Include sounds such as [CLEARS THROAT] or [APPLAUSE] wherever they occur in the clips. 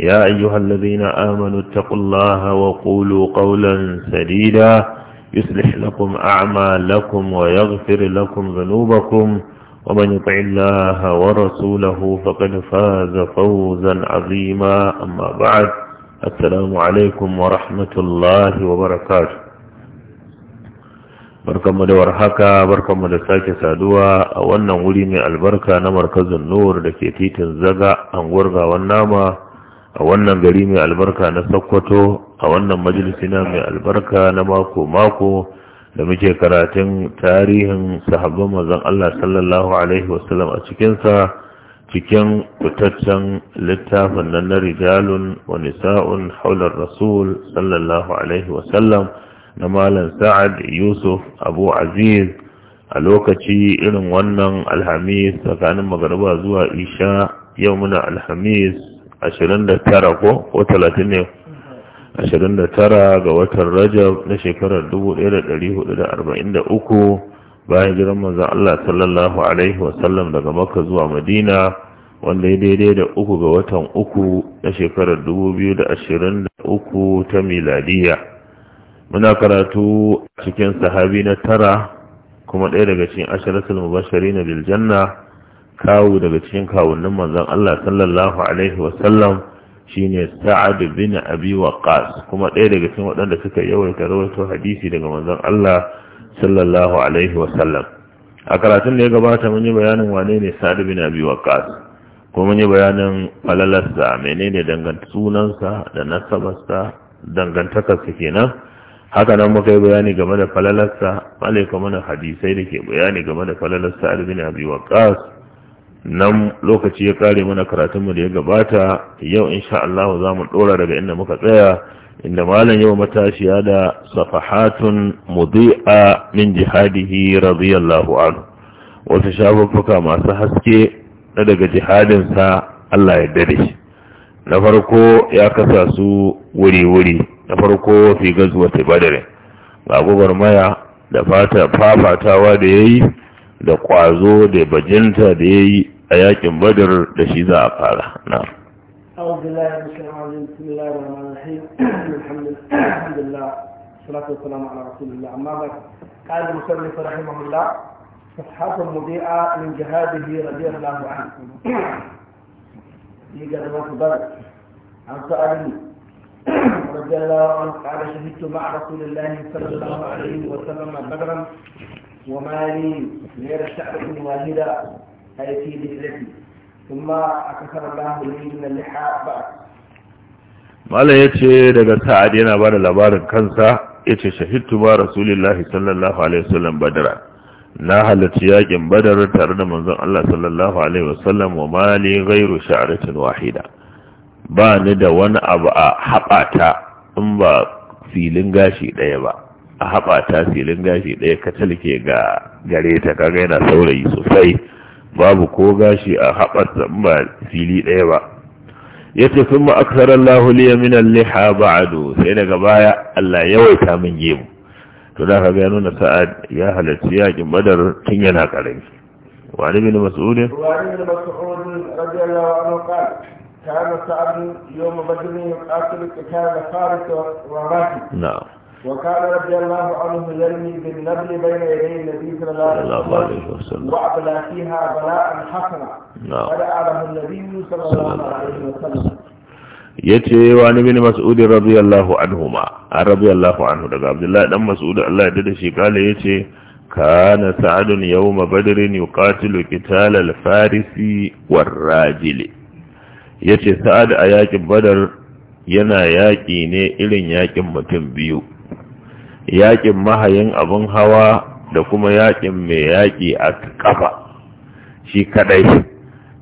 يا أيها الذين آمنوا اتقوا الله وقولوا قولا سديدا يصلح لكم أعمالكم ويغفر لكم ذنوبكم ومن يطع الله ورسوله فقد فاز فوزا عظيما أما بعد السلام عليكم ورحمة الله وبركاته barkanmu da warhaka barkanmu da sake saduwa a wannan wuri mai albarka na markazin nur da ke titin zaga anguwar gawan nama a wannan gari mai albarka na sokoto a wannan majalisina mai albarka na mako-mako da muke karatun tarihin sahabban mazan Allah sallallahu Alaihi wasallam a cikinsa cikin fitaccen littafin nan na rijalun wa nisa'un haular rasul sallallahu Alaihi wasallam na malam sa'ad yusuf abu aziz a lokaci irin wannan alhamis tsakanin magarba zuwa isha yau muna alhamis ashirin da tara ko ko talatin ne ashirin da tara ga watan rajab na shekarar dubu ɗaya da ɗari hudu da arba'in da uku bayan jiran manzan Allah sallallahu alaihi wasallam daga makka zuwa madina wanda ya daidai da uku ga watan uku na shekarar dubu biyu da ashirin da uku ta miladiya muna karatu cikin sahabi na tara kuma ɗaya daga cikin ashiratul mubashari na biljanna kawu daga cikin kawunan manzan Allah sallallahu alaihi wasallam shine Sa'ad bin Abi Waqqas kuma ɗaya daga cikin waɗanda suka yawaita rawaito hadisi daga manzan Allah sallallahu alaihi wasallam a karatun da ya gabata mun yi bayanin wane ne Sa'ad bin Abi Waqqas kuma mun yi bayanin falalarsa menene dangantar sunansa da nasabarsa dangantakarsa kenan haka nan muka yi bayani game da falalarsa kuma mana hadisai da ke bayani game da falalarsa Sa'ad bin Abi Waqqas nan lokaci ya kare mana karatunmu da ya gabata yau insha Allah za mu dora daga inda muka tsaya inda malam yau matashiya da safahatun mudi'a min jihadihi radiyallahu anhu wata shafuffuka masu haske na daga sa Allah ya dare. shi na farko ya kasa su wuri-wuri na farko fi gazuwa ta badare ga maya, da fata fafatawa da yayi da kwazo da bajinta da yayi a بدر badar da نعم أعوذ بالله من الشيطان الرجيم بسم الله الرحمن الرحيم [CLEARS THROAT] الحمد لله الحمد لله والصلاة والسلام على رسول الله أما بعد قال المصنف رحمه الله صفحات مضيئة من جهاده رضي الله عنه في غزوة بدر عن سؤاله رضي الله عنه قال شهدت مع رسول الله صلى الله عليه وسلم بدرا وما لي غير شعبة واحدة أي في ثم أكثر الله لي من اللحاء بعد Malam ya ce daga sa'ad yana ba da labarin kansa ya ce shahittu ba Rasulullahi sallallahu Alaihi wasallam badara. na halarci yakin badar tare da manzon Allah sallallahu alaihi wasallam wa mali ghairu sha'ratin wahida ba ni da wani abu a haɓata in ba filin gashi ɗaya ba a haɓata filin gashi ɗaya ka talke ga gare ta ga yana saurayi sosai babu ko gashi a haɓarsa ba fili ɗaya ba ya ce sun ma'aksarar lahuliya minan liha ba'adu sai daga baya Allah yawaita min gemu to da kaga ya nuna sa'ad ya halarci yakin badar tun yana ƙarami وعن ابن مسعود وعن ابن مسعود رضي الله عنه قال كان سعد يوم بدر يقاتل قتال فارس وراتب نعم وكان رضي الله عنه يرمي بالنبل بين يدي النبي صلى الله عليه وسلم وابلى فيها بلاء حسنا فدعا له النبي صلى الله عليه وسلم yace wa ni bin mas'ud radiyallahu anhuma radiyallahu anhu daga abdullahi dan mas'ud Allah ya dade shi kala yace kana sa'adun yawma badrin yuqatilu qital al-farisi war-rajil yace sa'ad a yakin badar yana yaki ne irin yakin mutum biyu yaƙin mahayin abin hawa da kuma yaƙin mai yaƙi a kafa shi kaɗai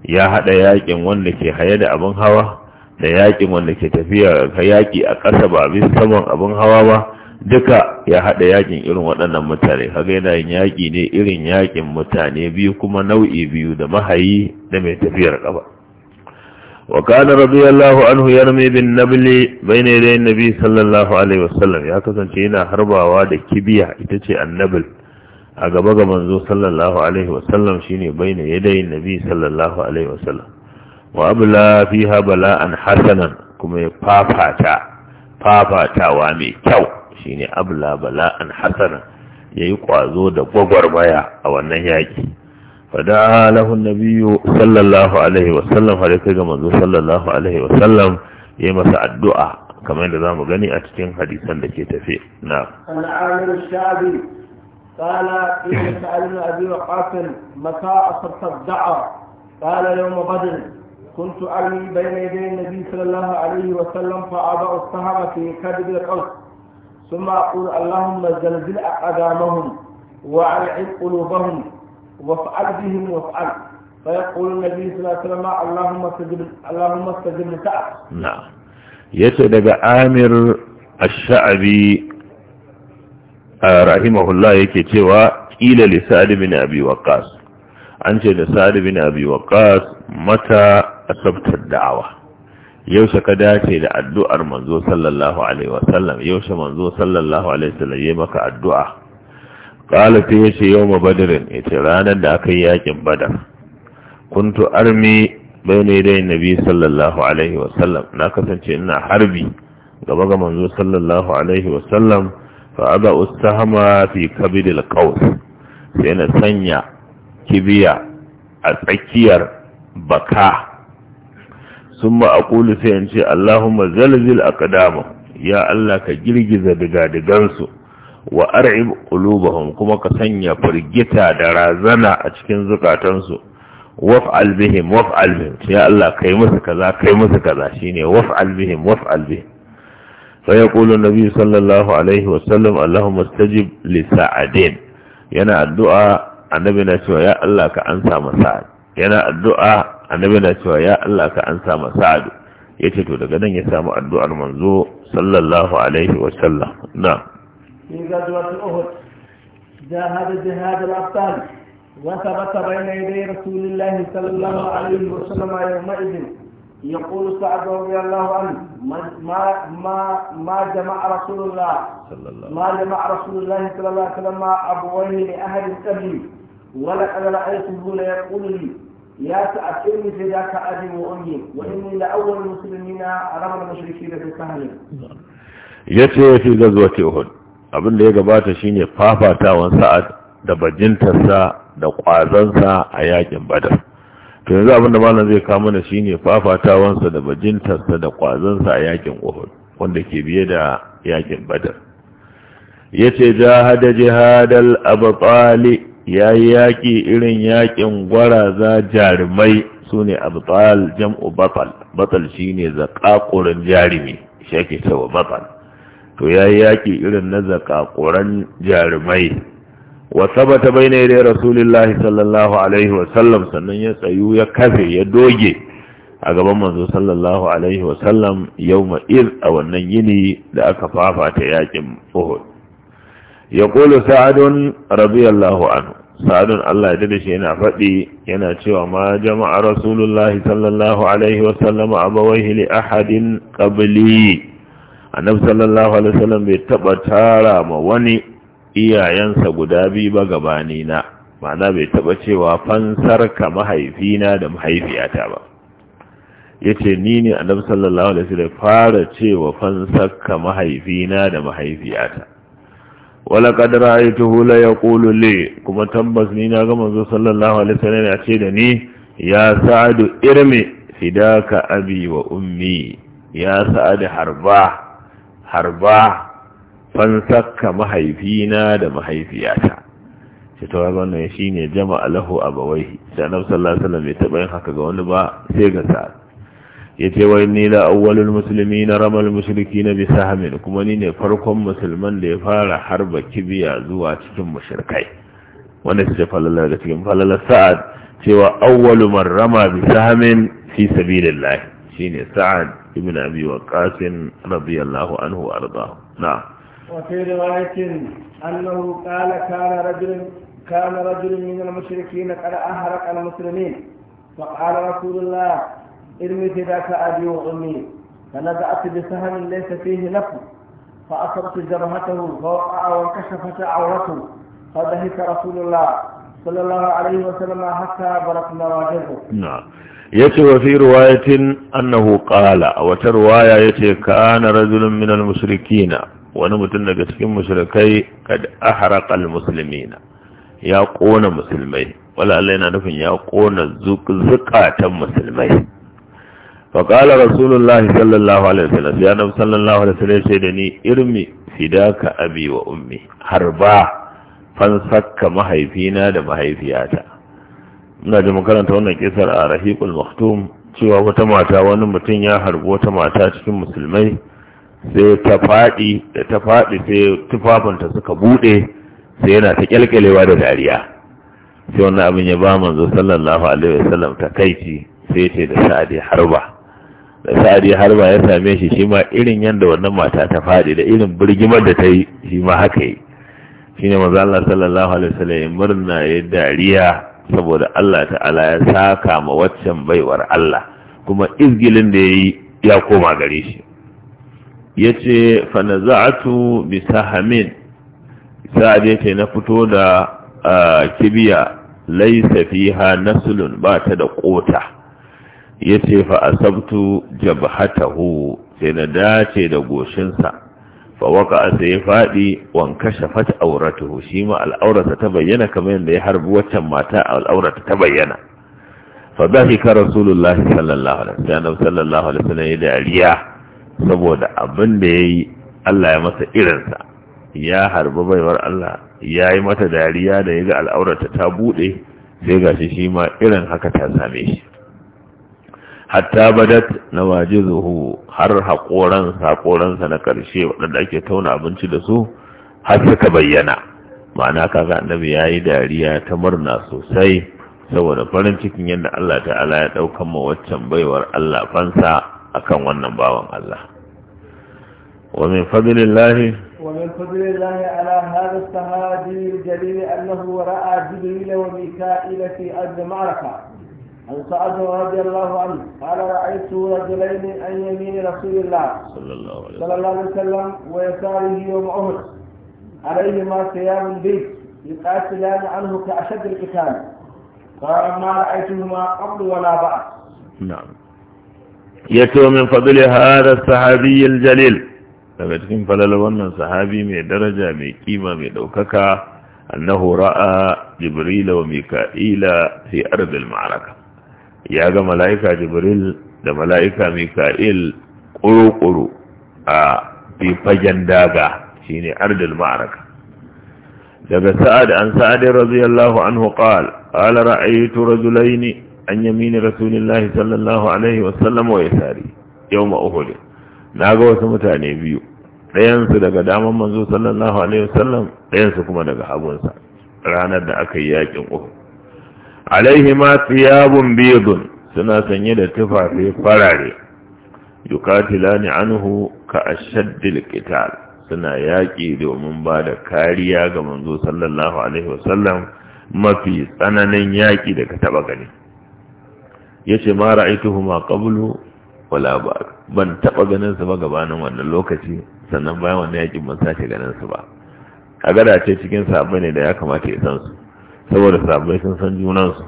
ya haɗa yaƙin wanda ke haye da abin hawa da yaƙin wanda ke tafiya yaƙi a ƙasa ba bisa saman abin hawa ba duka ya haɗa yaƙin irin waɗannan mutane kaga yana yin yaƙi ne irin yaƙin mutane biyu kuma nau'i biyu da mahayi da mai tafiyar ƙafa وكان رضي الله عنه يرمي بالنبل بين يدي النبي صلى الله عليه وسلم يا كسانتي yana harbawa da kibiya ita ce annabul a gaba ga sallallahu alaihi wasallam shine baina yadai nabi sallallahu alaihi wasallam wa abla fiha bala'an hasanan kuma ya fafata fafatawa mai kyau shine abla bala'an hasanan yayi ƙwazo da gwagwarmaya a wannan yaki fada lahun na biyu sallallahu alaihi wasallam har kai ga manzo sallallahu alaihi wasallam ya yi masa addu’a kamar yadda za mu gani a cikin hadisan da ke tafe na قال يوم بدر كنت أرمي a يدي النبي صلى الله عليه وسلم فأضع السهم في كذب القوس ثم أقول اللهم زلزل أقدامهم وأرعب قلوبهم وافعل بهم وافعل فيقول النبي صلى الله عليه وسلم اللهم استجب اللهم استجب لتعب نعم yace daga amir As-Sha'abi shabi rahimahullah yake cewa qila li sa'd ibn abi waqqas an ce da sa'd ibn abi mata da'awa yaushe ka dace da addu'ar manzo sallallahu alaihi wasallam yaushe manzo sallallahu alaihi wasallam yayi maka addu'a ƙala ya ce yau ma badirin ya ce ranar da aka yi yakin badar kuntu armi bai ne dai nabi sallallahu alaihi wasallam na kasance ina harbi gaba ga manzo sallallahu alaihi wasallam fa aba ustahama fi kabidil qaws sai na sanya kibiya a tsakiyar baka sun ma'akulu sai in ce Allahumma zalzil a ƙadama, ya Allah ka girgiza diga-digansu, wa ar'ib qulubahum kuma ka sanya firgita da razana a cikin zukatansu waf'al bihim waf'al bihim ya Allah kai musu kaza kai musu kaza shine waf'al bihim waf'al bihim fa yaqulu an-nabi sallallahu alaihi wa sallam Allahumma istajib li sa'adin yana addu'a annabi na cewa ya Allah ka ansa masa yana addu'a annabi na cewa ya Allah ka ansa masa ya ce to daga nan ya samu addu'ar manzo sallallahu alaihi wa sallam na في غزوة أهد جاهد جهاد الأبطال وثبت بين يدي رسول الله صلى الله عليه وسلم يومئذ يقول سعد رضي الله عنه ما ما ما جمع رسول الله ما جمع رسول الله صلى الله عليه وسلم أبويه لأحد قبلي ولقد رأيته ليقول لي يا سعد إني فداك أبي وأمي وإني لأول المسلمين أمام المشركين في سهل يتي في غزوة أهد Abinda ya gabata shine fafatawan sa'ad da bajintarsa da kwazansa a yakin badar to yanzu abin da malam zai kawo mana shine fafatawansa da bajintarsa da kwazansa a yakin uhud wanda ke biye da yakin badar yace jahada jihadal ya yi yaƙi irin yakin gwaraza jarumai sune abtal jam'u batal batal shine zakakurin jarumi shi yake cewa batal to ya yi yaƙi irin na zakakuran jarumai wasabata bai na idai rasulillahi sallallahu alaihi wasallam sannan ya tsayu ya kafe ya doge a gaban manzo sallallahu alaihi wasallam yau ma'iz a wannan yini da aka fafata yaƙin uhud ya ƙulu sa'adun rabiyallahu anhu sa'adun Allah ya shi yana faɗi yana cewa ma jama'a rasulullahi sallallahu alaihi wasallama abawaihi li ahadin qabli annabi sallallahu alaihi wasallam bai taba tara ma wani iyayensa guda biyu ba gabani na ma'ana bai taba cewa fansar ka mahaifina da mahaifiyata ba yace ni ne annabi sallallahu alaihi wasallam fara cewa fansar ka mahaifina da mahaifiyata wala qad ra'aytuhu la yaqulu li kuma tabbas ni na ga manzo sallallahu alaihi wasallam ya ce da ni ya sa'adu irmi fidaka abi wa ummi ya sa'adu harba harba fansakka mahaifina da mahaifiyata shi ta wani wannan shi jama'a lahu a bawai shi annabi sallallahu alaihi wasallam bai taɓa yin haka ga wani ba sai ga sa ya ce wai ni la awwalul musulmi na ramal musulki na bi sahamin kuma ni ne farkon musulman da ya fara harba kibiya zuwa cikin mushrikai wanda su ce falalar da cikin falalar sa'ad cewa awwalu man rama bi fi sabilillahi شين سعد بن أبي وقاس رضي الله عنه وأرضاه نعم وفي رواية أنه قال كان رجل كان رجل من المشركين قد أهرق المسلمين فقال رسول الله ارمي فداك أبي وأمي فنزعت بسهم ليس فيه نفس فأصبت جرهته فوقع وانكشفت عورته فضحك رسول الله صلى الله عليه وسلم حتى بلغ مراجعه نعم yace wa fi riwayatin annahu qala a wata riwaya yace kana rajulun min al-mushrikina wani mutum daga cikin mushrikai kad ahraqa al-muslimina ya kona musulmai wala Allah yana nufin ya kona zukatan musulmai fa qala rasulullahi sallallahu alaihi wasallam ya nabi sallallahu alaihi wasallam yace da ni irmi fidaka abi wa ummi harba an sakka mahaifina da mahaifiyata ina ji makaranta wannan kisar a rahiqul maktum cewa wata mata wani mutum ya harbi wata mata cikin musulmai sai ta faɗi da ta faɗi sai tufafinta suka buɗe sai yana ta kyalkyalewa da dariya sai wannan abin ya ba manzo sallallahu alaihi wasallam takaici sai ce da sa'adi harba da sa'adi harba ya same shi shi ma irin yanda wannan mata ta faɗi da irin birgimar da ta yi shi ma haka yi shine manzo Allah sallallahu alaihi wasallam murna ya dariya saboda Allah ta'ala ya saka ma waccan baiwar Allah kuma izgilin da yayi ya koma gare shi yace fa naza'atu bi sahamin sa'ad yace na fito da kibiya laysa fiha naslun ba ta da kota yace fa asabtu jabhatahu sai na dace da goshinsa fa waka sai ya faɗi wanka shafat auratuhu shi ma al'aurata ta bayyana kamar yadda ya harbi waccan mata al'aurata ta bayyana fa da shi ka rasulullah sallallahu alaihi wasallam sallallahu alaihi wasallam ya dariya saboda abin da yayi Allah ya masa irinsa ya harbi baiwar Allah ya yi mata dariya da ya ga al'aurata ta bude sai gashi shi ma irin haka ta same shi hatta badat na wajizuhu har haƙoran haƙoransa na ƙarshe waɗanda ake tauna abinci da su har suka bayyana ma'ana kaga annabi ya yi dariya ta murna sosai saboda farin cikin yadda Allah ta'ala ya ɗaukan ma waccan baiwar Allah fansa akan wannan bawan Allah wa min fadlillahi ومن فضل الله على هذا الصحابي الجليل أنه رأى جبريل وميكائيل في أرض معركة عن سعد رضي الله عنه قال رأيت رجلين عن يمين رسول الله صلى الله عليه وسلم, صلى الله عليه وسلم ويساره يوم عمر عليهما صيام بيت يقاتلان عنه كأشد القتال قال ما رأيتهما قبل ولا بعد نعم يتو من فضل هذا الصحابي الجليل daga cikin falalar صحابي من درجة من mai من mai أنه رأى جبريل وميكائيل في أرض المعركة ya ga mala'ika jibril da mala'ika mika'il ƙuruƙuru a fagen daga shi ne ardil ma'araka daga sa'ad an sa’adai raziyallahu an huƙal ala ra'ayitu ne an yamini rasulillahi sallallahu alaihi wasallam wa sari yau ma'uhudin na ga wasu mutane biyu ɗayansu daga daman manzo sallallahu alaihi wasallam ɗayansu kuma daga hagunsa ranar da aka yi yaƙin uku alaihi ma thiyabun bidun suna sanye da tufafi farare yukatilani anhu ka ashaddil qital suna yaƙi domin ba da kariya ga manzo sallallahu alaihi wasallam mafi tsananin yaki da ka taɓa gani ya ce ma ra'aituhuma qablu wala ba ban taba ganin su ba gabanin wannan lokaci sannan bayan wannan yakin ban sace ganin su ba a gada ce cikin sabai ne da ya kamata ya san su saboda sabai sun san junansu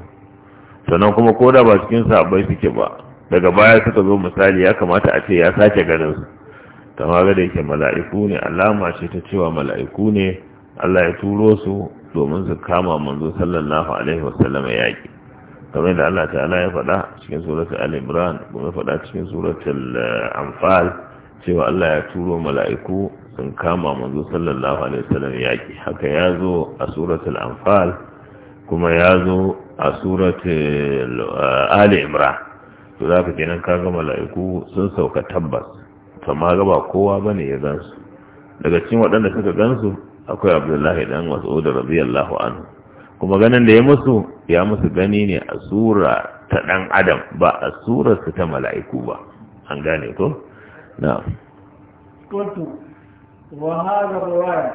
sannan kuma ko da ba cikin sabai suke ba daga baya suka zo misali ya kamata a ce ya sake ganin su tamaga da yake mala'iku ne alama ce ta cewa mala'iku ne Allah ya turo su domin su kama manzo sallallahu alaihi wasallam yi kamar da Allah ta'ala ya faɗa cikin suratul al-imran kuma faɗa cikin suratul eh, anfal cewa Allah ya turo mala'iku sun kama manzo sallallahu alaihi wasallam yi haka ya zo a suratul anfal kuma ya zo a suratul eh, ali imra to za ka kenan ka ga mala'iku sun sauka tabbas amma ga ba kowa bane ya gansu daga cikin waɗanda suka gansu akwai abdullahi dan mas'ud radiyallahu anhu kuma ganin da ya musu ya musu gani ne a sura ta dan adam ba a surar su ta mala'iku ba an gane ko na'am kuntu wa hadha riwaya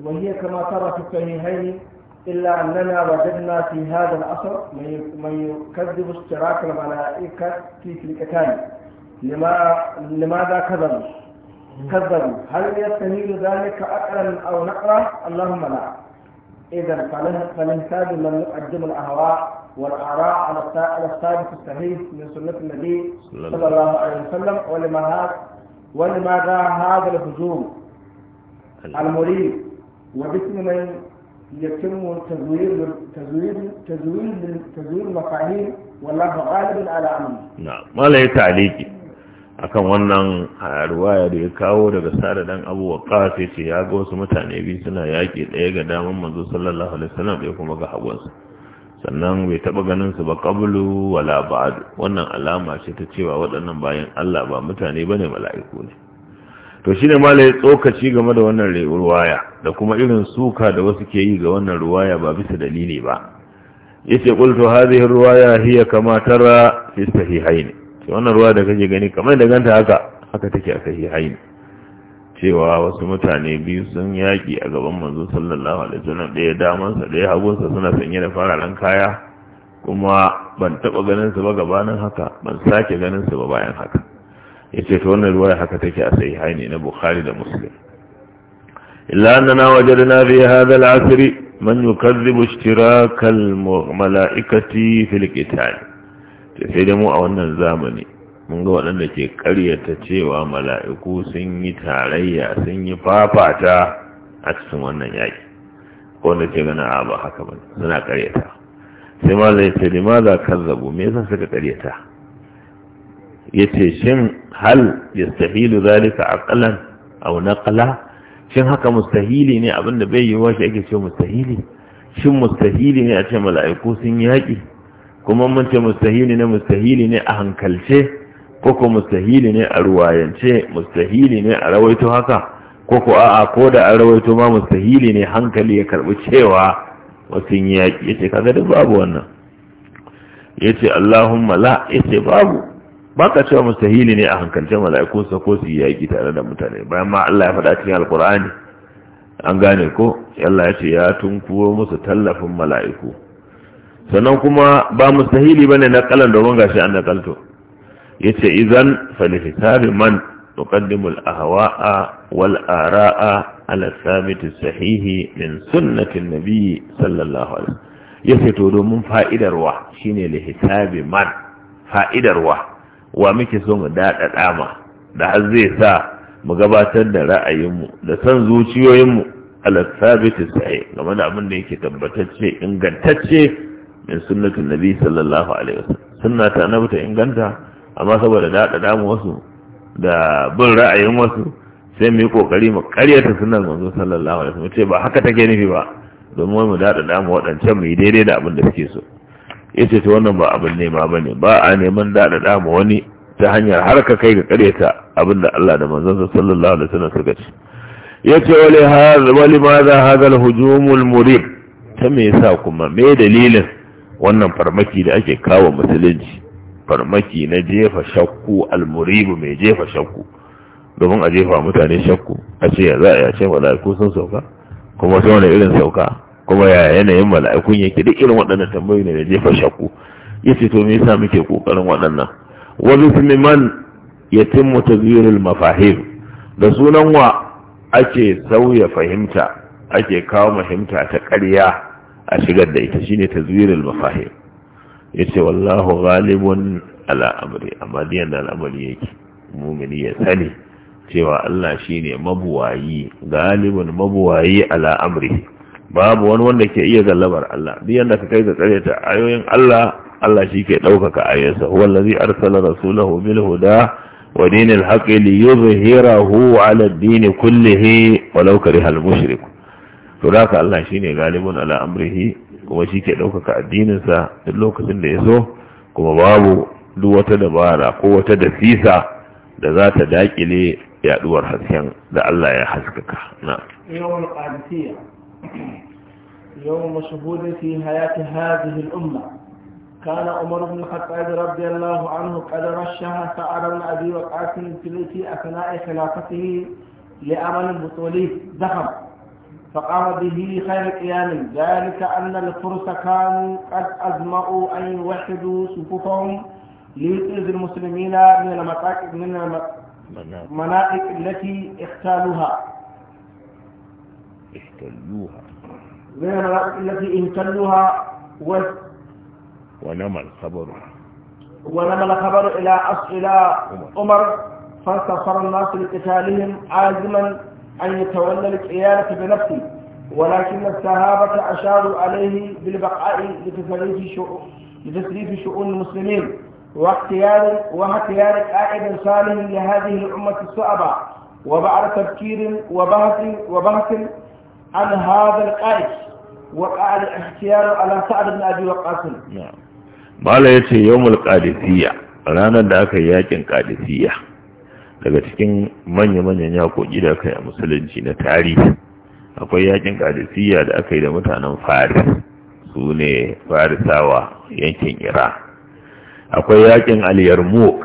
wa hiya kama tara fi إلا أننا وجدنا في هذا الأثر من يكذب اشتراك الملائكة في تلكتان لما لماذا كذبوا؟ كذبوا هل يستميل ذلك عقلا أو نقرا؟ اللهم لا إذا فنهتاج من يقدم الأهواء والآراء على الثابت الصحيح من سنة النبي صلى الله عليه وسلم ولماذا ولماذا هذا الهجوم المريب وباسم من يتم تزوير تزوير تزوير المفاهيم والله غالب على امره نعم ما له تعليق akan wannan ruwaya da ya kawo daga sada dan abu wa ce ya ga wasu mutane biyu suna yaƙi ɗaya ga daman manzo sallallahu alaihi wasallam ɗaya kuma ga hagunsa sannan bai taɓa ganin su ba qablu wala ba'd wannan alama ce ta cewa waɗannan bayan Allah ba mutane bane mala'iku ne to shi ne malai tsokaci game da wannan ruwaya da kuma irin suka da wasu ke yi ga wannan ruwaya ba bisa dalili ba yace qultu hadhihi ruwaya hiya kama tara fi sahihayn to wannan ruwa da kake gani kamar da ganta haka haka take a sahihayn cewa wasu mutane biyu sun yaki a gaban manzo sallallahu alaihi wasallam daya daman sa daya hagun suna sanye da fararen kaya kuma ban taba ganin su ba gabanin haka ban sake ganin su ba bayan haka yace to ta wannan ruwaya haka take a sai haini na bukhari da muslim illa annana wajadna fi hadha al-asr man yukazzibu ishtirak al-mala'ikati al qital sai da mu a wannan zamani mun ga waɗanda ke ƙaryata cewa mala'iku sun yi tarayya sun yi fafata a cikin wannan yaƙi wanda ke gana a ba haka ba suna ƙaryata sai ma zai ce lima za kan zabu me yasa suka ƙaryata ya ce shin hal yastahilu zalika aqlan aw naqla shin haka mustahili ne abinda bai yi shi ake ce mustahili shin mustahili ne a ce mala'iku sun yaki kuma mun ce mustahili ne mustahili ne a hankalce ko ko mustahili ne a ruwayance mustahili ne a rawaito haka ko ko a'a ko da a rawaito ma mustahili ne hankali ya karbi cewa wasu yaki yace kaga duk babu wannan yace Allahumma la yace babu ba ka cewa mustahili ne a hankalce mala'ikunsa ko su yaƙi tare da mutane bayan ma Allah ya faɗa cikin alkur'ani an gane ko Allah ya ce ya tunkuwo musu tallafin mala'iku sannan kuma ba mustahili bane na kalan domin gashi an nakalto yace idan fa hisabi man tuqaddimu al ahwa'a wal ara'a ala thabit sahihi min sunnatin Nabiyyu sallallahu alaihi wasallam yace to domin fa'idarwa shine li hisabi man fa'idarwa wa muke so mu daɗaɗa ma da har zai sa mu gabatar da ra'ayinmu da san zuciyoyinmu alasabitin sa'i game da abin da yake tabbatacce ingantacce min sunnatin nabi sallallahu alaihi wasallam sunna ta na ta inganta amma saboda daɗaɗa mu wasu da bin ra'ayin wasu sai mu yi kokari mu karyata sunan manzo sallallahu alaihi wasallam ce ba haka take nufi ba domin mu daɗaɗa mu waɗancan mu yi daidai da abin da suke so ya ce ta wannan ba abin nema bane ba a neman daɗaɗa ma wani ta hanyar har ka kai ga ƙareta abinda da Allah da manzansa sallallahu alaihi wasallam suka ce ya ce wali ma za hazal hujumul murib ta me yasa kuma me dalilin wannan farmaki da ake kawo musulunci farmaki na jefa shakku al murib mai jefa shakku domin a jefa mutane shakku a ce za a yace ko sun sauka kuma sai wani irin sauka kuma ya yanayin mala'ikun yake duk irin waɗannan tambayoyi ne da jefa shakku yace to me yasa muke kokarin waɗannan wa bismi man yatimmu tazyirul mafahim da sunan wa ake sauya fahimta ake kawo fahimta ta ƙarya a shigar da ita shine tazwirul mafahim yace wallahu ghalibun ala amri amma diyan da al'amari yake mumini ya sani cewa Allah shine mabuwayi galibun mabuwayi ala amri babu wani wanda ke iya gallabar Allah duk yanda ka kai ga karyata ayoyin Allah Allah shi ke ɗaukaka ayyarsa wallazi arsala rasulahu bil huda wa dinil haqqi li yuzhirahu ala ad-din kullihi walau kariha al-mushrik to haka Allah shine galibun ala amrihi kuma shi ke ɗaukaka addinin sa duk lokacin da ya so kuma babu duk wata dabara ko wata dafisa da za ta dakile yaduwar hasken da Allah ya haskaka na qadisiyya [CLEARS THROAT] يوم شهود في حياة هذه الأمة كان عمر بن الخطاب رضي الله عنه قد رشها سعد بن أبي وقاص في أثناء خلافته لعمل بطولي ذهب فقام به خير قيام ذلك أن الفرس كانوا قد أزمعوا أن يوحدوا صفوفهم ليطردوا المسلمين من المناطق التي اختالوها احتلوها من المناطق التي احتلوها و... ونمى الخبر ونمى الخبر إلى إلى عمر فانتصر الناس لقتالهم عازما أن يتولى القيادة بنفسه ولكن الصحابة أشاروا عليه بالبقاء لتسليف شؤون لتسليف شؤون المسلمين واختيار واختيار قائد صالح لهذه الأمة الصعبة وبعد تفكير وبحث وبحث عن هذا القائد وقال الاحتيار على سعد بن ابي وقاص ما لا ya ce القادسيه رانا ranar da aka yi yakin ƙadisiyya daga cikin manya-manyan yakoki da aka a musulunci na tarihi akwai yakin ƙadisiyya da aka yi da mutanen faris su ne farisawa yankin ira akwai yakin al-yarmouk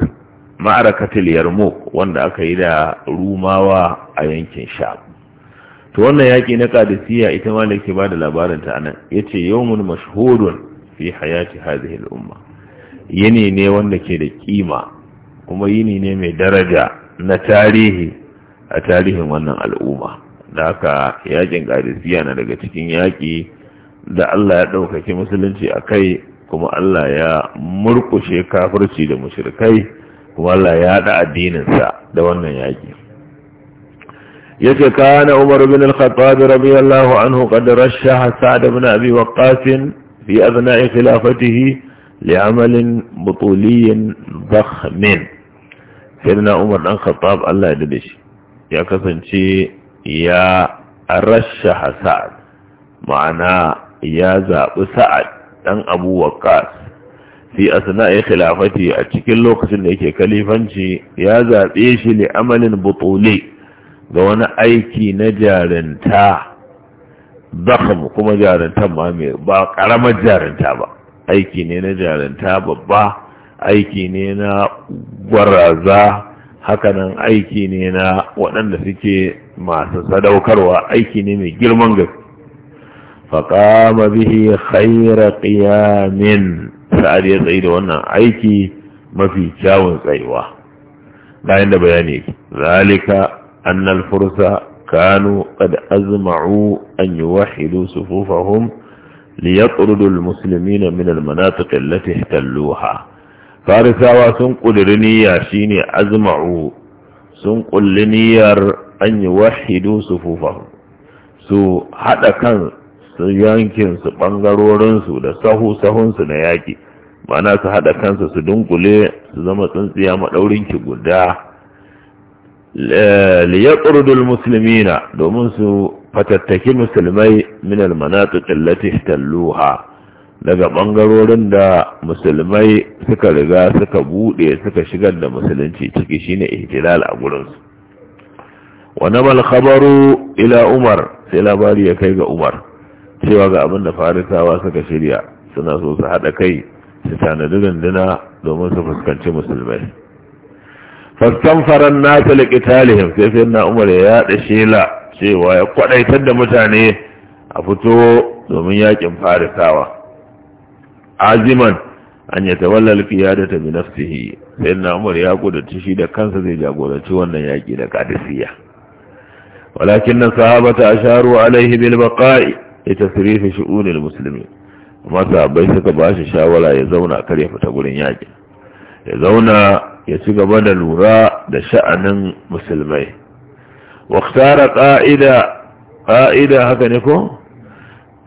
ma'arakatul yarmouk wanda aka yi da rumawa a yankin sham to wannan yaƙi na qadisiyya ita ma da bada labarin ta anan yace yawmun mashhurun fi hayati hadhihi al-umma yini ne wanda ke da kima kuma yini ne mai daraja na tarihi a tarihin wannan al'umma da haka yakin qadisiyya na daga cikin yaƙi da Allah ya ɗaukaki musulunci akai kuma Allah ya murkushe kafirci da mushrikai kuma Allah ya haɗa addininsa da wannan yaƙi yace kana Umar ibn al-Khattab radiyallahu anhu qad rashaha Sa'd ibn Abi Waqqas fi athna'i khilafatihi li'amalin butuliyin dakhmin sayyidina Umar dan Khattab Allah ya dade shi ya kasance ya rashaha Sa'd ma'ana ya zabi Sa'd dan Abu Waqqas fi asna'i khilafati a cikin lokacin da yake kalifanci ya zabe shi li amalin butuli ga wani aiki na jarinta zakam kuma jarinta ma mai ba karamar jarinta ba aiki ne na jarinta babba aiki ne na gwaraza hakanan aiki ne na waɗanda suke masu sadaukarwa aiki ne mai girman gaske faƙama bihi khaira ƙiyamin sa'ad ya tsaye da wannan aiki mafi kyawun tsayuwa ga da bayani zalika أن الفرس كانوا قد أزمعوا أن يوحدوا صفوفهم ليطردوا المسلمين من المناطق التي احتلوها فارساوا سنقل رنيا شيني أزمعوا سنقل رنيار أن يوحدوا صفوفهم su haɗa kan su yankinsu ɓangarorinsu da sahu-sahunsu na yaƙi mana su haɗa kansu su dunkule su zama tsintsiya maɗaurinki guda liyaƙurdul musulmina domin su fatattaki musulmai min almanatukin latihalluha daga ɓangarorin da musulmai suka riga suka buɗe suka shigar da musulunci ciki shine ihtilal a gurinsu wani malkabaru ila umar sai labari ya kai ga umar cewa ga abin da farisawa suka shirya suna so su haɗa kai su tanadi runduna domin su fuskanci musulmai fastanfaran nasu liƙitalihim sai sai na umar ya yada shela cewa ya kwaɗaitar da mutane a fito domin yakin farisawa aziman an ya da alqiyadata bi nafsihi sayyidina umar ya kudace shi da kansa zai jagoranci wannan yaki da qadisiyya walakin sahabata asharu alaihi bil baqa'i li tasrif shu'un al muslimin amma sahabbai suka bashi shawara ya zauna kar ya fita gurin yakin. ya zauna ya ci gaba da lura da sha'anin musulmai waktara ƙa'ida ƙa'ida haka ne ko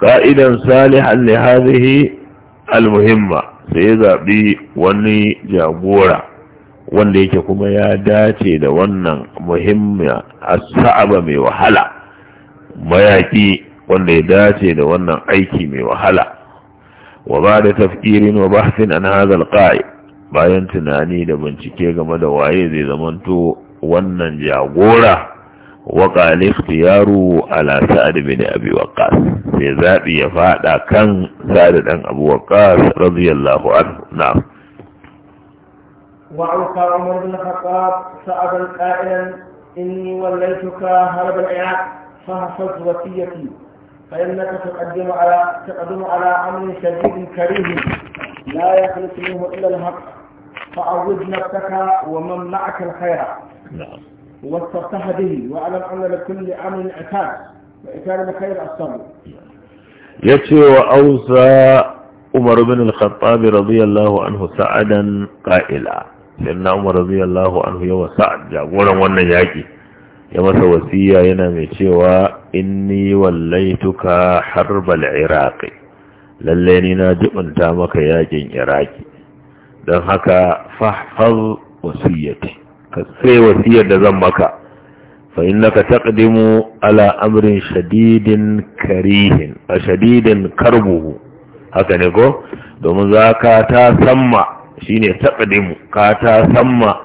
ƙa'idan salihan li hadhihi almuhimma sai ya zaɓi wani jagora wanda yake kuma ya dace da wannan muhimmiya a sa'aba mai wahala mayaƙi wanda ya dace da wannan aiki mai wahala wa ba da tafkirin wa bahsin na hazal bayan tunani da bincike game da waye zai zamanto wannan jagora waƙa yaro ala sa'ad bin abi waqas sai zabi ya fada kan sa'ad dan abu waqqas radiyallahu anhu na'am وعوف عمر بن الخطاب سأبا قائلا إني وليتك هرب العراق فحصلت وصيتي فإنك تقدم على تقدم على أمر شديد كريه لا يخلص منه إلا الحق فعوض نفسك ومن معك الخير نعم. واسترتها به واعلم ان لكل امر عتاد وعتاد بخير الصبر يتي واوصى عمر بن الخطاب رضي الله عنه سعدا قائلا لان عمر رضي الله عنه يوى سعد جاغورا وانا ياكي يا يا ينا مي تشوا اني وليتك حرب العراق للي نادم نادي انت مك ياكين don haka fahfaz wasiyyati ka sai wasiyar da zan maka fa innaka taqdimu ala amrin shadidin karihin a shadidin karbuhu haka ne ko domin za ka ta samma shine taqdimu ka ta samma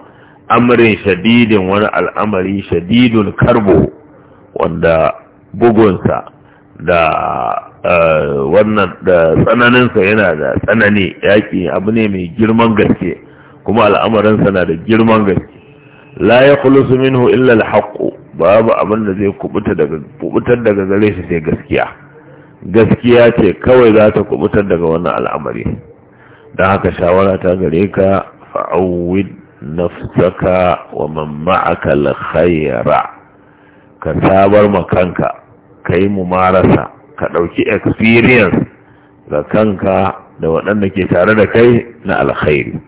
amrin shadidin wani al'amari shadidul karbuhu wanda bugunsa da wannan da tsananinsa yana da tsanani yaƙi abu ne mai girman gaske kuma al'amarinsa na da girman gaske la ya kulusu minhu illa alhaqu babu abin da zai kubuta daga kubutar daga gare shi sai gaskiya gaskiya ce kawai za ta kubutar daga wannan al'amari don haka shawara ta gare ka fa'awwid nafsaka wa man ma'aka alkhayra ka sabar kanka kai mumarasa ka ɗauki experience ga kanka da waɗanda ke tare da kai na alkhairi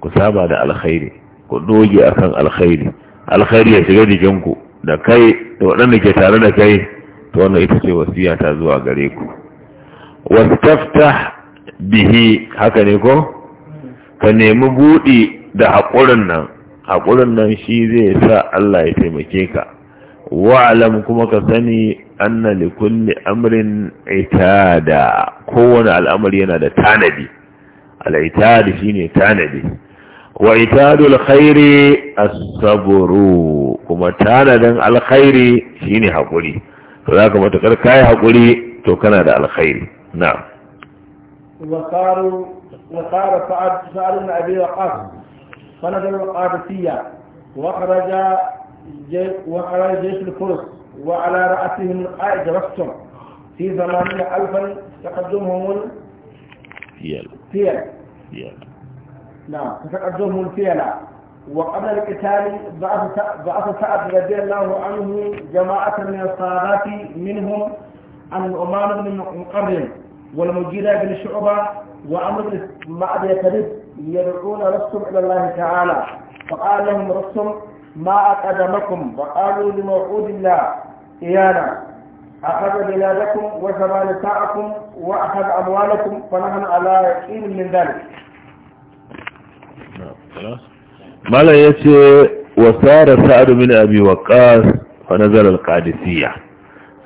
ku saba da alkhairi ku doge kan alkhairi alkhairi ya shiga jikinku da kai da waɗanda ke tare da kai ta wannan ita ce wasiya ta zuwa gare ku wastaftah bihi haka ne ko ka nemi buɗi da haƙurin nan haƙurin nan shi zai sa Allah ya taimake ka واعلم كما كثني أن لكل أمر عتادا كون الأمر ينادى تاندي العتاد فيني تاندي وعتاد الخير الصبر كما تاندا الخير فيني حقولي فذلك ما تقول كاي حقولي توكنا دا الخير نعم وقال وقال سعد سعد بن ابي وقاص فنزل القادسيه واخرج وعلى جيش الفرس وعلى رأسهم رستم في ثمانين ألفا تقدمهم الفيل فيل نعم تقدمهم الفيل وقبل القتال بعث سعد رضي الله عنه جماعة من الصادات منهم النعمان بن مقرن والمجيرة بن شعبة وعمر بن معد يترد يدعون رسم إلى الله تعالى فقال لهم رسم ما أقدمكم وقالوا لموعود الله إيانا أخذ بلادكم وسمى نساءكم وأخذ أموالكم فنحن على يقين من ذلك ما لا يتي وصار سعد من أبي وقاص فنزل القادسية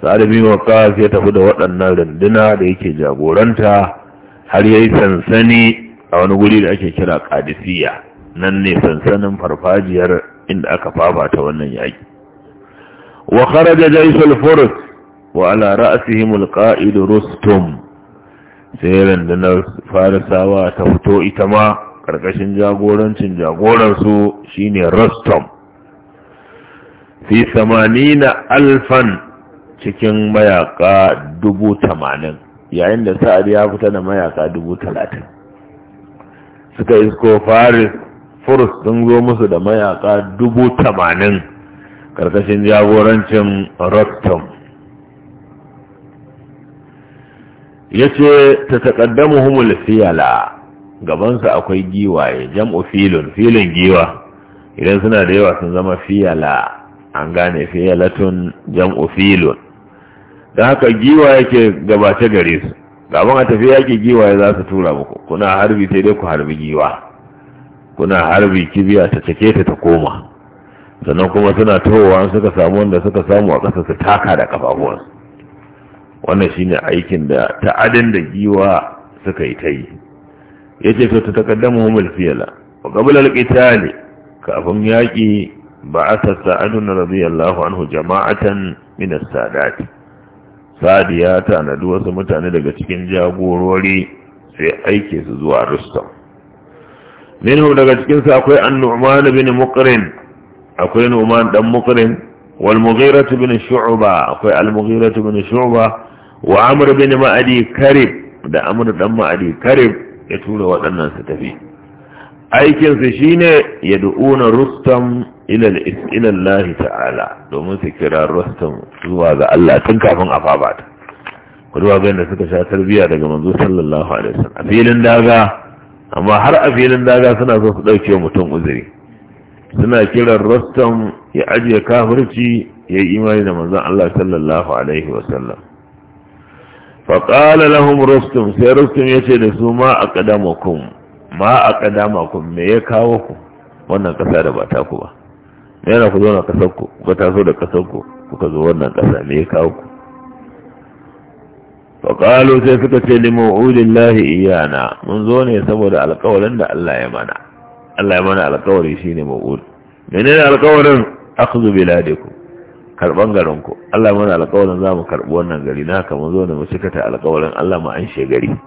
سعد بن وقاص يتفد وطننا لندنا ليكي جابورنتا هل يسنسني a أو guri da ake قادسية ƙadisiya nan ne sansanin farfajiyar inda aka ta wannan yaƙi wa kharaja jaysul furs wa ala ra'sihim alqa'id rustum sai rundunar farisawa ta fito ita ma karkashin jagorancin jagoran su shine rustum fi 80 alfan cikin mayaka 80 yayin da sa'ad ya fita da mayaka 30 suka isko faris furus sun zo musu da mayaka dubu tamanin karkashin jagorancin rockton ya ce ta taƙaddamu humul fiyala gabansa akwai giwaye jam'u filin filin giwa idan suna da yawa sun zama fiyala an gane fiyalatun jam'u filin da haka giwa yake gabace gare su gaban a tafiya ke giwaye za su tura muku kuna harbi sai dai ku harbi giwa kuna harbi kibiya ta cake ta ta koma sannan kuma suna towa suka samu wanda suka samu a ƙasa su taka da kafafuwan wannan shine aikin da adin da giwa suka yi ta yi ya ce ta takaddamu humul fiyala wa qabla al-qital kafin yaki ba'atha sa'adun radiyallahu anhu jama'atan minas as-sadat sadiya ta nadu wasu mutane daga cikin jagorori sai aike su zuwa rustam minhum daga cikinsu akwai an-nu'man bin muqrin akwai nu'man dan muqrin wal mughira bin shu'ba akwai al-mughira bin shu'ba wa bin ma'adi karib da amr dan ma'adi karib ya tura waɗannan su tafi aikin su shine yad'una rustam ila ila Allah ta'ala domin su kira rustam zuwa ga Allah tun kafin a fabata kuduwa ga yadda suka sha tarbiya daga manzo sallallahu alaihi a filin daga amma har a filin daga suna so su ɗauke mutum uzuri suna kiran rastam ya ajiye kafirci ya yi imani da manzan Allah sallallahu Alaihi wasallam faƙala lahum rastum sai rastum ya ce da su ma a ƙadamakun ma a ƙadamakun me ya kawo ku wannan ƙasa da ba ta ku ba Me yana ku zo na ƙasarku ku taso da ku kuka zo wannan ƙasa me ya kawo ku faƙalo sai suka ce الله إيانا iyana mun zo ne saboda alƙawarin da Allah ya mana Allah ya mana alƙawari shi ne mu'ud mene garinku Allah mana alƙawarin za mu wannan gari na ka mun zo ne mu cikata alƙawarin Allah mu an gari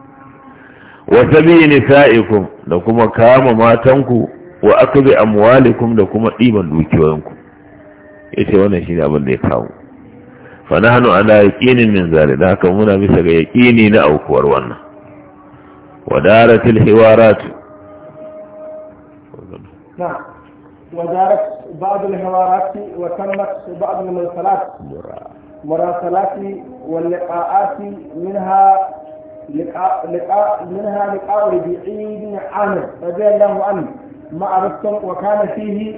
wa sabi nisa'ikum da kuma kama matanku wa akbi amwalikum da kuma ɗiban dukiyoyinku yace wannan shine abin da ya kawo فنحن على يقين من ذلك ذاك haka muna يقيني ga yaqini ودارت الحوارات نعم ودارت بعض الحوارات وتمت بعض المراسلات مراسلات واللقاءات منها لقاء لقاء منها لقاء ربيعي بن عامر رضي الله عنه مع رستم وكان فيه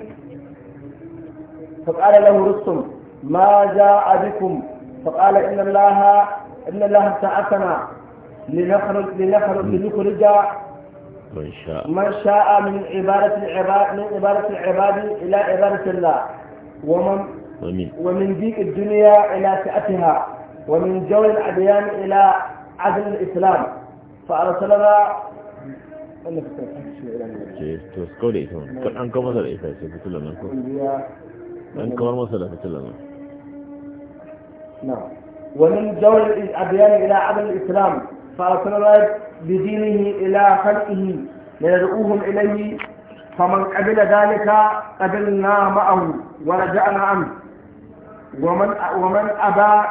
فقال له رستم ما جاء بكم فقال إن الله إن الله ابتعثنا لنخرج لنخرج لنخرج من شاء من شاء من عبادة العباد من عبادة العباد إلى عبادة الله ومن ومن ومن الدنيا إلى سعتها ومن جو الأديان إلى عدل الإسلام فأرسلنا تذكر لي هون كل إيه فاتي بتقول لنا أنكم أنكم مثلا بتقول لنا نعم ومن دور الأديان إلى عدم الإسلام فأصرت بدينه إلى خلقه ليدعوهم إليه فمن قبل ذلك قبلنا معه ورجعنا عنه ومن ومن أبى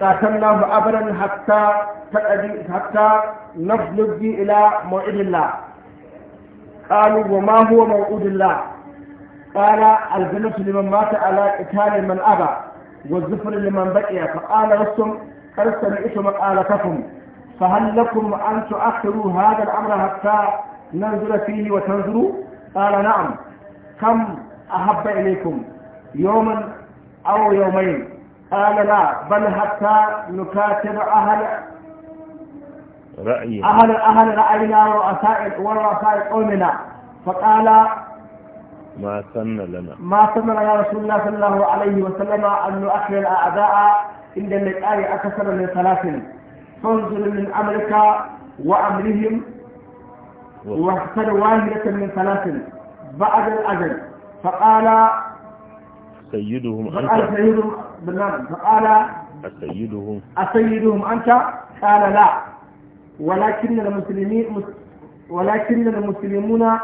قاتلناه أبدا حتى حتى نخلد إلى موعد الله قالوا وما هو موعود الله قال الجنة لمن مات على إتهام من أبى والزفر لمن بقي فقال لستم قد سمعت مقالتكم فهل لكم أن تؤخروا هذا الأمر حتى ننظر فيه وتنظروا قال نعم كم أحب إليكم يوما أو يومين قال لا بل حتى نكاتب أهل رأينا أهل أهل رأينا ورؤساء ورؤساء قومنا فقال ما سن لنا ما سن لنا يا رسول الله صلى الله عليه وسلم أن نؤخر الأعداء عند اللقاء أكثر من ثلاث فانزل من أمرك وأمرهم واختر واحدة من ثلاث بعد الأجل فقال سيدهم أنت سيدهم نعم. فقال أسيدهم أسيدهم أنت قال لا ولكن المسلمين ولكن المسلمون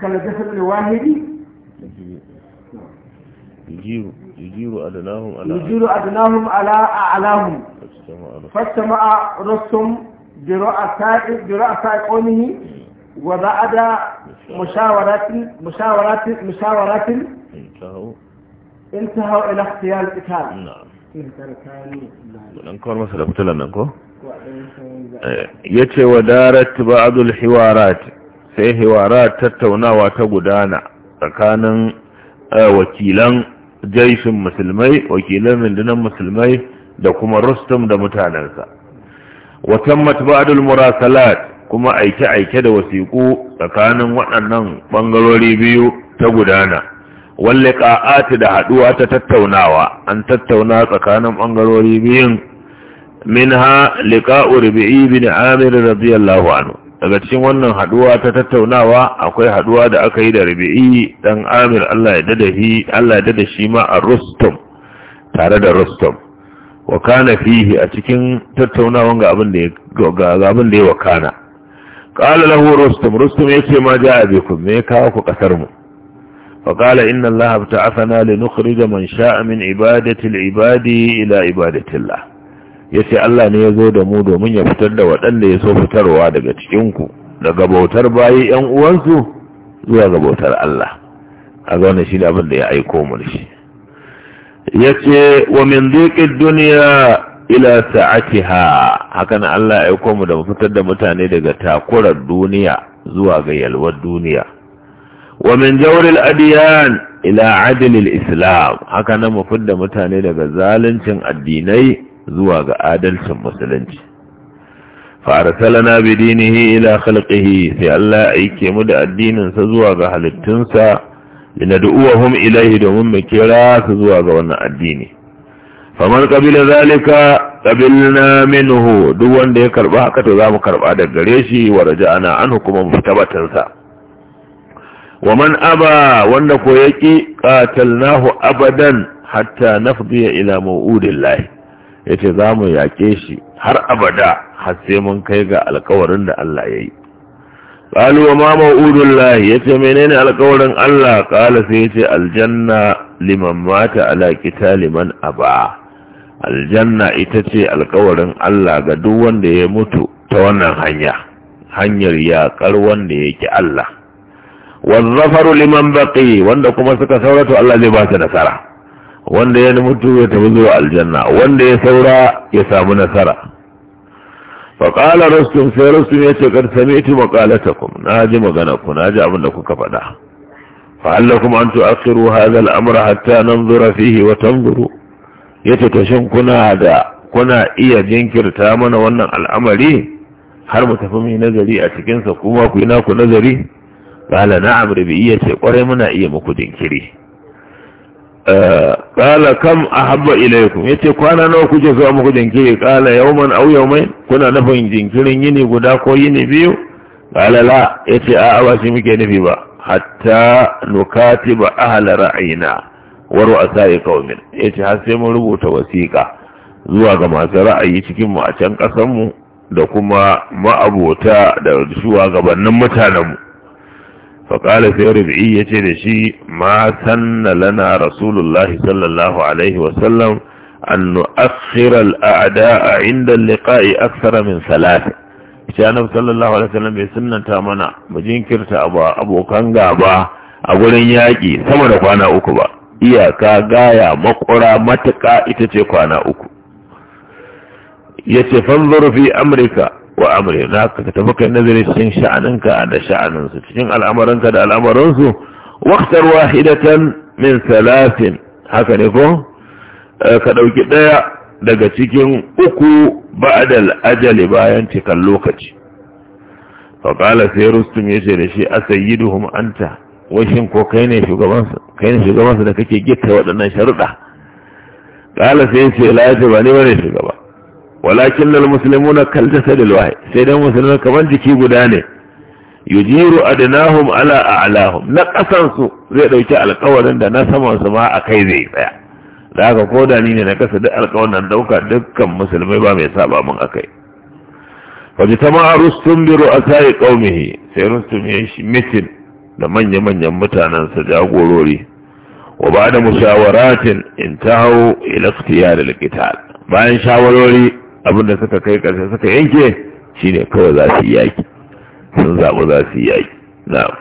كالجسد الواحد يجير يجير أدناهم على يجير أدناهم على أعلاهم فاجتمع رسم برؤساء برؤساء قومه وبعد مشاورات مشاورات مشاورات انتهوا انتهوا إلى اختيار القتال نعم. وننكر مثلا قتل منكم ya ce wa darat ba'adul hiwarat sai hiwarat tattaunawa ta gudana tsakanin eh, wakilan jaishin musulmai wakilan rundunar musulmai da kuma rustum da mutanensa watan matba'adul murasalat kuma aike-aike da wasiƙu tsakanin waɗannan ɓangarori biyu ta gudana walle ati da haɗuwa ta tattaunawa an tattauna tsakanin ɓangarori biyun minha ربيعي بن عامر رضي الله عنه daga cikin wannan haduwa ta tattaunawa akwai haduwa da aka yi da rabi'i dan amir Allah ya dadahi Allah ya dada shi ma a rustum tare da rustum wa kana fihi a cikin tattaunawan ga abin da ga abin da ya wakana qala lahu rustum rustum yace ma ja'a bikum me kawo ku kasar mu فقال إن الله ابتعثنا man من min من عبادة ibadi ila ibadati Allah ya ce Allah ne ya zo da mu domin ya fitar da waɗanda ya so fitarwa daga cikinku daga bautar bayi ‘yan uwansu zuwa ga bautar Allah a zaune shi da abin da ya aiko mu da shi ya ce wa min zikin duniya ila ha hakan Allah ya aiko mu da mu fitar da mutane daga takurar duniya zuwa ga yalwar duniya wa min jawril adiyan ila adlil islam hakan na mu fitar da mutane daga zaluncin addinai zuwa ga adalcin musulunci farsalana bi dinihi ila khalqihi sai Allah aike mu da addininsa zuwa ga halittunsa linad'uwahum ilayhi domin mu kira su zuwa ga wannan addini faman qabila zalika qabilna minhu duk wanda ya karba haka to zamu karba daga gare shi wa raja'ana anhu kuma mu tabbatar sa wa man aba wanda ko yaki qatalnahu abadan hatta nafdiya ila mau'udillahi ya ce za mu yaƙe shi har abada har sai mun kai ga alkawarin da Allah ya yi ƙalu wa mama udullahi ya ce menene alkawarin Allah ƙala sai ya ce aljanna liman mata kita liman aba aljanna ita ce alkawarin Allah ga duk wanda ya mutu ta wannan hanya hanyar yaƙar wanda ya ki Allah wazzafaru liman baƙi wanda kuma suka saurato Allah zai ba su nasara wanda ya mutu ya tafi zuwa aljanna wanda ya saura ya samu nasara faƙala rustun sai rustun ya ce kar sami iti maƙalatakum na ji magana ku, na ji abin da kuka faɗa fa'allakum an tu'akhiru hadha al-amra hatta nanzura fihi wa tanzuru yace to shin kuna da kuna iya jinkirta mana wannan al'amari har mu tafi mai nazari a cikinsa kuma ku yi naku nazari ƙala na amurbi iya ce ƙwarai muna iya muku jinkiri kala kam a ahabba ilaikum yace kwana nawa kuke zuwa muku jinkiri kala yauman aw yawmain kuna nufin jinkirin yini guda ko yini biyu kala la yace a ba shi muke nufi ba hatta ba nukatiba ahla ra'ayina wa ru'asa'i Ya ce, har sai mun rubuta wasiƙa zuwa ga masu ra'ayi cikin mu a can ƙasar mu da kuma ma'abota da shuwa gabannin mutanen mu faƙala sai rubi'i ya ce da shi ma sanna lana rasulullahi sallallahu alaihi wasallam an nu'akhkhir al'ada a inda liqa'i aksara min salati shi annabi sallallahu bai sunnanta mana mu jinkirta abokan gaba a gurin yaƙi sama da kwana uku ba iyaka gaya makura matuka ita ce kwana uku ya ce fanzuru fi amurka wa amri da ka tafi kai nazari cikin sha'aninka da sha'aninsu cikin al'amarinka da al'amuransu waktar wahidatan min salasin haka ne ko eh, ka ɗauki ɗaya daga cikin uku da ajali bayan cikan lokaci faƙala sai rustum ya ce da shi a sayyiduhum wai shin ko kai ne shugabansu da kake gitta waɗannan sharuɗa ƙala sai ce la ba ne ba ne shugaba walakin lal muslimuna kal jasadil wahid sai dan musulmai kamar jiki guda ne yujiru adnahum ala a'lahum na kasan su zai dauki alƙawarin da na saman su ma akai zai tsaya da haka ko da ni ne na kasa duk alƙawarin dauka dukkan musulmai ba mai saba mun akai wajen ta ma rustum bi ru'asai qaumihi sai rustum mitin da manya-manyan mutanen su jagorori wa ba da in intahu ila ikhtiyar al-qital bayan shawarori abinda suka kai karshe suka yanke shi ne kawai za su yi yaki sun zaɓi za su yi yaki na'am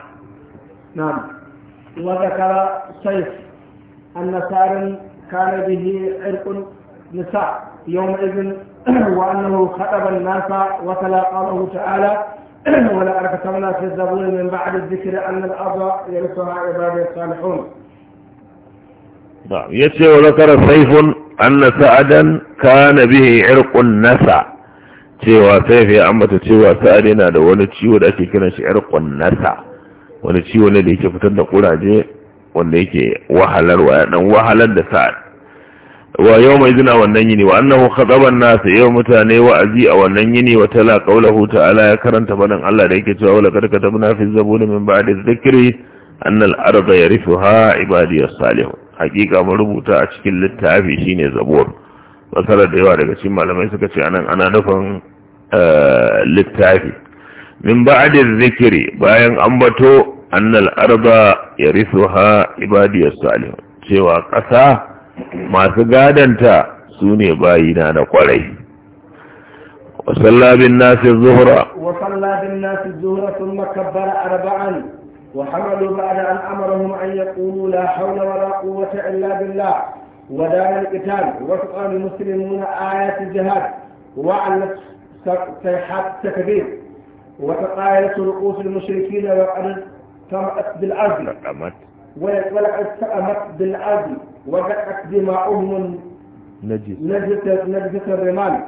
na'am wa zakara sayf annasarin kana bihi irqun nisa yawma idin wa annahu khataba an-nasa wa talaqahu ta'ala ولا أركتمنا في الزبون من بعد الذكر أن الأرض يرثها عبادي الصالحون نعم يتسع ذكر سيف anna sa'adan kana bihin irqun nasa cewa sai ya ambata cewa sa'ad yana da wani ciwo da ake kiran shi irqun nasa wani ciwo ne da yake fitar da kuraje wanda yake wahalarwa ya dan wahalar da sa'ad wa yau mai zina wannan yini wa annahu khataban nas yau mutane wa'azi a wannan yini wa tala qawluhu ta'ala ya karanta fadan Allah da yake cewa laqad katabna fi zabuni min ba'di dhikri anna al-arda yarithuha ibadiyas salihun hakika mun rubuta a cikin littafi shine zabur masalar da yawa daga cikin malamai suka ce anan ana nufin eh, littafi min ba'da zikri bayan ambato annal arda yarithuha ibadiy salih cewa ƙasa masu gadanta sune bayina na kwarai zuhra wa sallallahu bin nasi zuhra thumma kabbara arba'an وحملوا بعد أن أمرهم أن يقولوا لا حول ولا قوة إلا بالله ودار القتال وفق المسلمون آيات الجهاد وعلت صيحات التكبير وتقايلت رؤوس المشركين وقد سمعت بالأرض ولقد سأمت بالأرض ودقت دماؤهم نجسة نجسة الرمال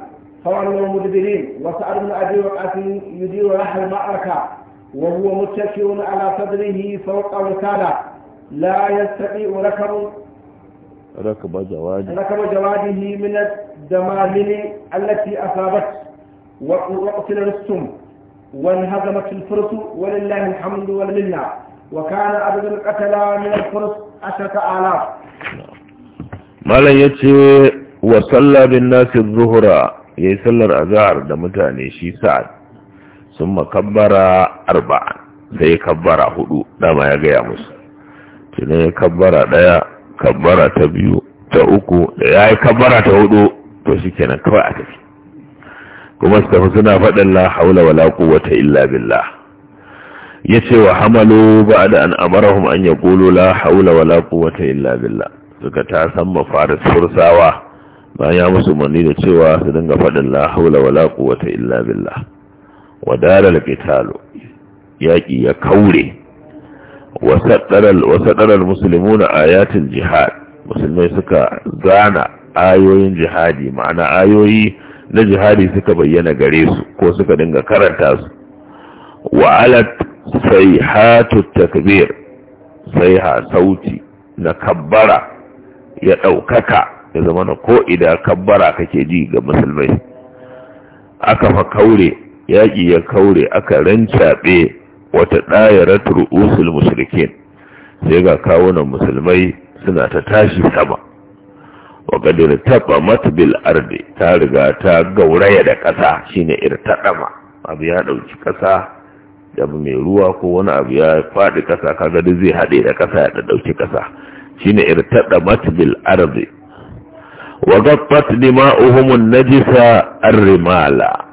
فولوا مدبرين وسأل ابن أبي وقاص يدير رحل المعركة وهو متكئ على صدره فوق وسادة لا يستطيع ركب ركب جواده ركب جواده من الدمامل التي أصابت وأقتل السم وانهزمت الفرس ولله الحمد والمنة وكان عدد القتلى من الفرس عشرة آلاف ما لن ce wa بالناس bin nasi zuhura ya yi sallar sun makabbara arba'an sai kabbara hudu dama ya gaya musu tunan ya kabbara daya kabbara ta biyu ta uku da ya yi kabbara ta hudu to shi kenan kawai a tafi kuma su tafi suna faɗin la haula wala wata illa billah ce wa hamalu da an amarahum an yaqulu la haula wala wata illa billah suka ta san mafaris fursawa bayan ya musu manni da cewa su dinga faɗin la haula wala wata illa billah wadalar fitalo yaƙi ya kaure wasaɗarar musulmi na ayatun jihad musulmai suka gana ayoyin jihadi ma'ana ayoyi na jihadi suka bayyana gare su ko suka dinga karanta su wa'alat sai hatu takbir sai ha sauti na kabbara ya ɗaukaka ya zama na ko ida kabbara kake ji ga musulmai aka fa kaure yaƙi ya kaure aka rancaɓe wata ɗayarar ru'usul musulkin sai ga kawunan musulmai suna ta tashi sama wa ƙadir taɓa matabil arde ta riga ta gauraya da ƙasa shine irtaɗama abu ya ɗauki ƙasa da mai ruwa ko wani abu ya faɗi ƙasa kaga da zai haɗe da ƙasa ya ɗauki ƙasa shine irtaɗamat bil ardi wa gaffat dima'uhum an-najisa ar-rimala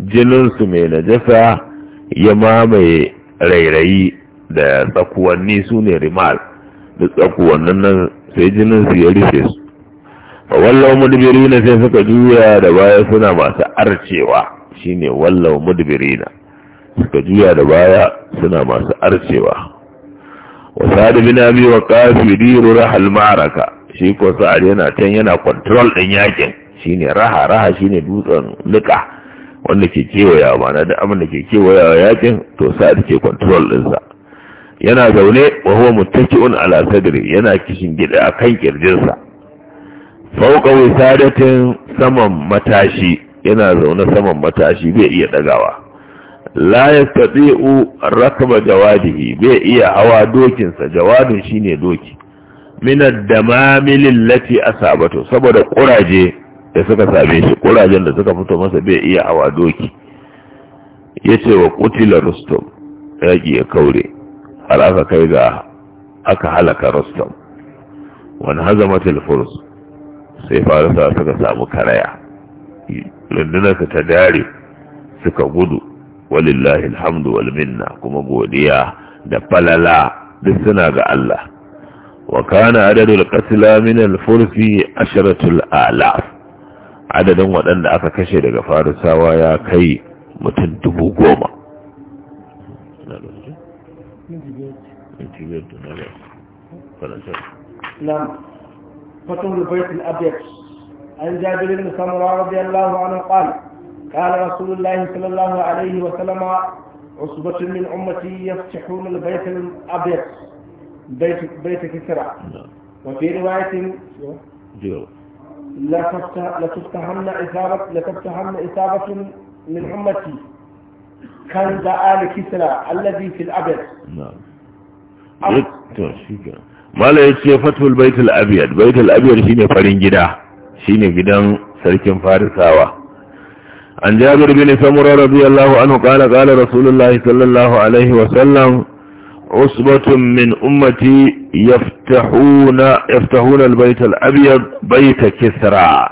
jininsu mai najasa ya mamaye rairayi da tsakuwanni su ne rimal da tsakuwannin nan sai jininsu ya rufe su fa wallau mudubirina sai suka juya da baya suna masu arcewa shine wallau na suka juya da baya suna masu arcewa wa sa'ad biyu wa waqas riru rahal ma'araka shi ko sa'ad yana can yana kwantarol ɗin yakin shi ne raha raha shi ne dutsen nika wanda ke kewaya na da abin da ke kewaya yakin to da ke control ɗinsa yana zaune wa huwa un ala sadri yana kishin gida a kan kirjinsa fauka wisadatin saman matashi yana zaune saman matashi bai iya dagawa la yastati'u rakaba jawadihi bai iya hawa dokinsa jawadin shine doki min da mamilin lati Sabato saboda kuraje da suka same shi kurajen da suka fito masa bai iya hawa doki ya ce wa kutila rustum yaƙi ya kaure har aka kai ga aka halaka rustum wani hazamatul furs sai farisa suka samu karaya rundunarsa ta dare suka gudu walillahi alhamdu wal minna kuma godiya da falala duk suna ga Allah wa kana adadul qatla min al-fursi asharatul alaf adadin waɗanda aka kashe daga farisawa ya kai mutum dubu goma. an jabirin da samuwa rabbi Allah wa ana ƙwal لتفتهمن إثابة لتفتهمن إثابة من أمتي كنز آل كسرى الذي في الأبد نعم ya ce fatul baitul abiyad baitul abiyad shine farin gida shine gidan sarkin farisawa an jabir bin samura radiyallahu anhu qala qala rasulullahi sallallahu alaihi wa sallam عصبة من أمتي يفتحون يفتحون البيت الأبيض بيت كسرى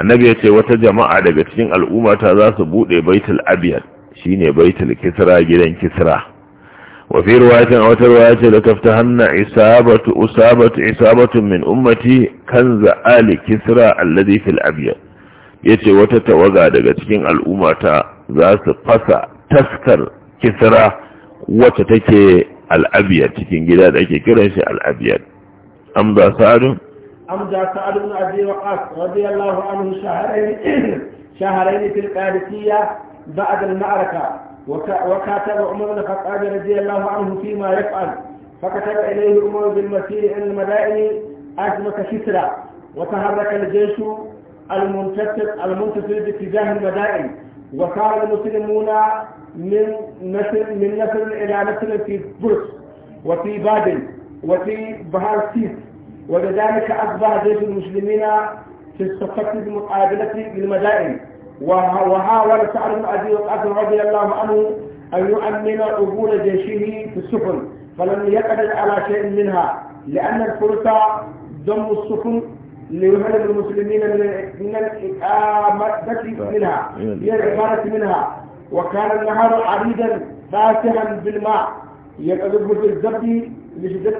النبي يتي وتجمع daga cikin al'ummata ta za su bude baitul abyad shine baitul kisra gidan kisra wa fi riwayatin aw riwayati la taftahanna isabatu usabatu isabatu min ummati kanza ali kisra alladhi fil abyad yace wata tawaga daga cikin al'umma ta za su fasa taskar kisra wacce take al'abiyar cikin gida da ake kiran shi al'abiyar amza sa'adun amza sa'adun na abi waqas radiyallahu anhu shaharain shaharain fil qadisiyya ba'da al-ma'raka وكاتب عمر بن الخطاب رضي الله عنه فيما يفعل فكتب اليه عمر بالمسير عن المدائن ازمه كسرى وتحرك الجيش المنتصر المنتصر باتجاه المدائن وكان المسلمون من نسل من نسل إلى نسل في بوش وفي بابل وفي سيس ولذلك أصبح جيش المسلمين في الصفة المقابلة للمدائن وحاول سعد بن أبي وقاص رضي الله عنه أن يؤمن عبور جيشه في السفن فلم يقدر على شيء منها لأن الفرس ضم السفن ليحرر المسلمين من الإقامة منها من العبادة منها وكان النهار عريضا فاتحا بالماء يقذف في الزبد لشدة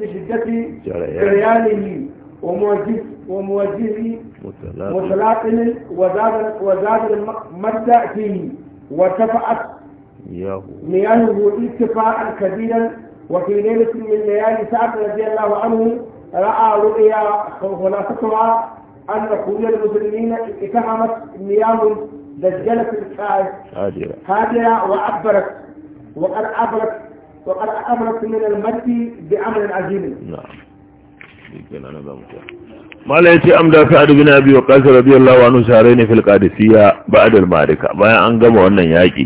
لشدة جريانه ومواجهه وموجه متلاطم وزاد وزاد المد فيه وارتفعت مياهه ارتفاعا كبيرا وفي ليلة من ليالي سعد رضي الله عنه رأى رؤيا خلاصتها أن قوية المسلمين اتهمت مياه دجلت هادرة هادرة وعبرت وقد عبرت وقد عبرت من المد بعمل عجيب نعم mala ya ce amda sa'ad bin abi waqas radiyallahu anhu sare ne fil qadisiyya ba'd al marika bayan an gama wannan yaki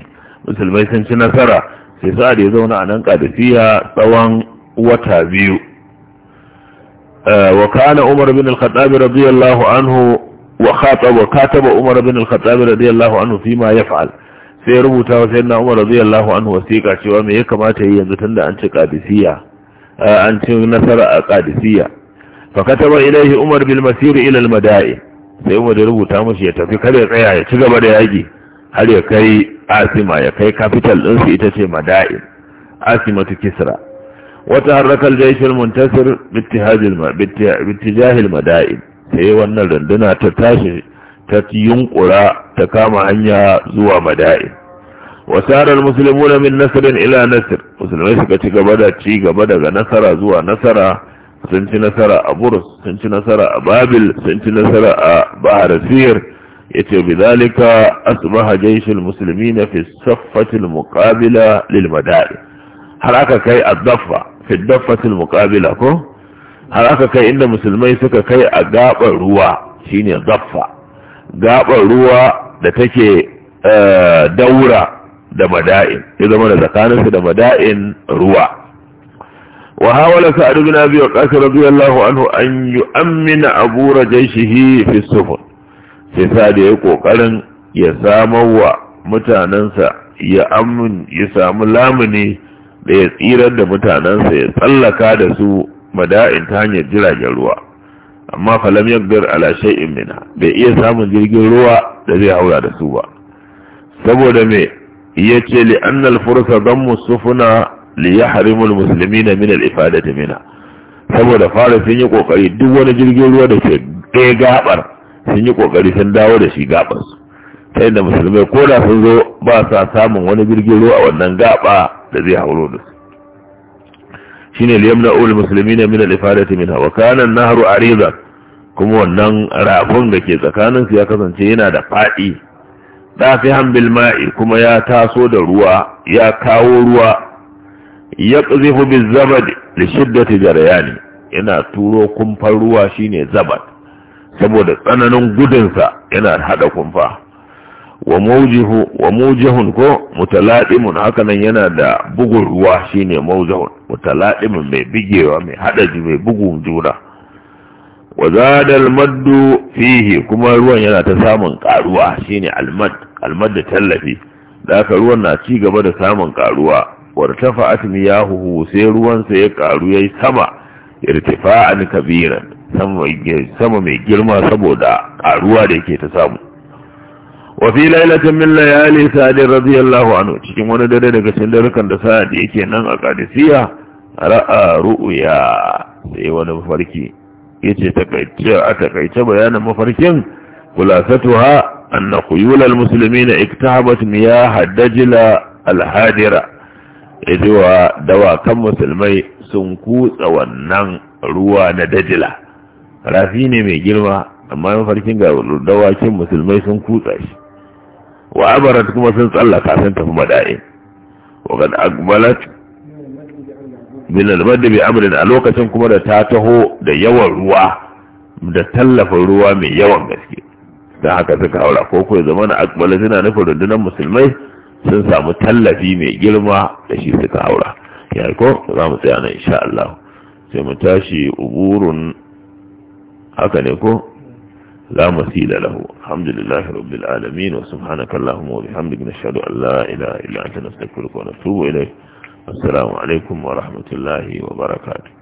musulmai sun ci nasara sai sa'ad ya zauna a nan qadisiyya tsawon wata biyu وكان عمر بن الخطاب رضي الله عنه وخاطب وكاتب عمر بن الخطاب رضي الله عنه فيما يفعل sai rubuta wa sayyidina Umar radiyallahu anhu wasiƙa cewa me ya kamata yi yanzu tunda an ci Qadisiyya an ci nasara a Qadisiyya fa kataba ilayhi Umar bil masir ila al madain sai Umar ya rubuta mashi ya tafi kada ya tsaya ya ci gaba da yaki har ya kai Asima ya kai capital din su ita ce Madain Asimatu Kisra وتحرك الجيش المنتصر باتهاج الم... باتجاه المدائن هي وانا لندنا تتاشي تتيون قراء تكام عنيا زوا مدائن وسار المسلمون من نصر الى نصر مسلمين كتك بدا تشيك بدا نصر زوا نصر سنت نصر ابرس سنت نصر ابابل سنت نصر بحر سير يتي بذلك اصبح جيش المسلمين في الصفة المقابلة للمدائن حركة كي الضفة fiddafatil muƙabila ko har aka kai inda musulmai suka kai a gabar ruwa shine zaffa gabar ruwa da take eh, daura da mada'in ya zama da tsakaninsu da mada'in ruwa وحاول سعد بن أبي وقاص رضي radiyallahu anhu an يؤمن abu جيشه fi sufun sai sa'ad ya yi ƙoƙarin ya samar mutanansa ya amun ya samu lamuni da ya tsirar da mutanensa ya tsallaka da su mada'in ta hanyar jiragen ruwa amma falam yagdar ala shay'in minha bai iya samun jirgin ruwa da zai haura da su ba saboda me yace li anna al fursa dammu sufuna li yahrimu al muslimina min al ifadati minha saboda fara sun yi kokari duk wani jirgin ruwa da ke ɗaya gabar sun yi kokari sun dawo da shi gabar su ta yadda musulmai ko da sun zo ba sa samun wani jirgin ruwa a wannan gaba da zai hauro da shi ne na ul musulmi ne min alifadati min hawa kanan naharu ariza kuma wannan rafin da ke tsakanin su ya kasance yana da faɗi ɗafi hambil ma'i kuma ya taso da ruwa ya kawo ruwa ya qazifu bin zabad da shiddati jarayani yana turo kumfar ruwa shine zabad saboda tsananin gudunsa yana haɗa kumfa wa mawjihu wa mawjihun ko mutaladimun haka nan yana da bugun ruwa shine mawjihun mutaladimun mai bigewa mai hadaji mai bugun juna wa zada fihi kuma ruwan yana ta samun karuwa shine almad almad da tallafi da ka ruwan na ci gaba da samun karuwa ya huhu sai ruwan sa ya karu yayi sama irtifa'an kabiran sama mai girma saboda karuwa da yake ta samu wa fi lailatin min layali sa'ad radiyallahu anhu cikin wani dare daga cikin darukan da sa'ad yake nan a qadisiyya ra'a ru'ya sai wani mafarki yace takaice a takaice bayanin mafarkin kulasatuha anna khuyul almuslimin iktahabat miyah ad-dajla al-hadira yajewa dawakan musulmai sun kutsa wannan ruwa na dajila rafi ne mai girma amma mafarkin ga dawakin musulmai sun kutsa shi wa abarat kuma sun tsallaka sun tafi mada'in wa kad akbalat min al-madd bi amrin a lokacin kuma da ta taho da yawan ruwa da tallafa ruwa mai yawan gaske da haka suka haura ko ko zaman akbala suna nufin rundunar musulmai sun samu tallafi mai girma da shi suka haura ya ko za mu tsaya na insha Allah sai mu tashi uburun haka ne ko لا مثيل له الحمد لله رب العالمين وسبحانك اللهم وبحمدك نشهد أن لا إله إلا أنت نستغفرك ونتوب إليك السلام عليكم ورحمة الله وبركاته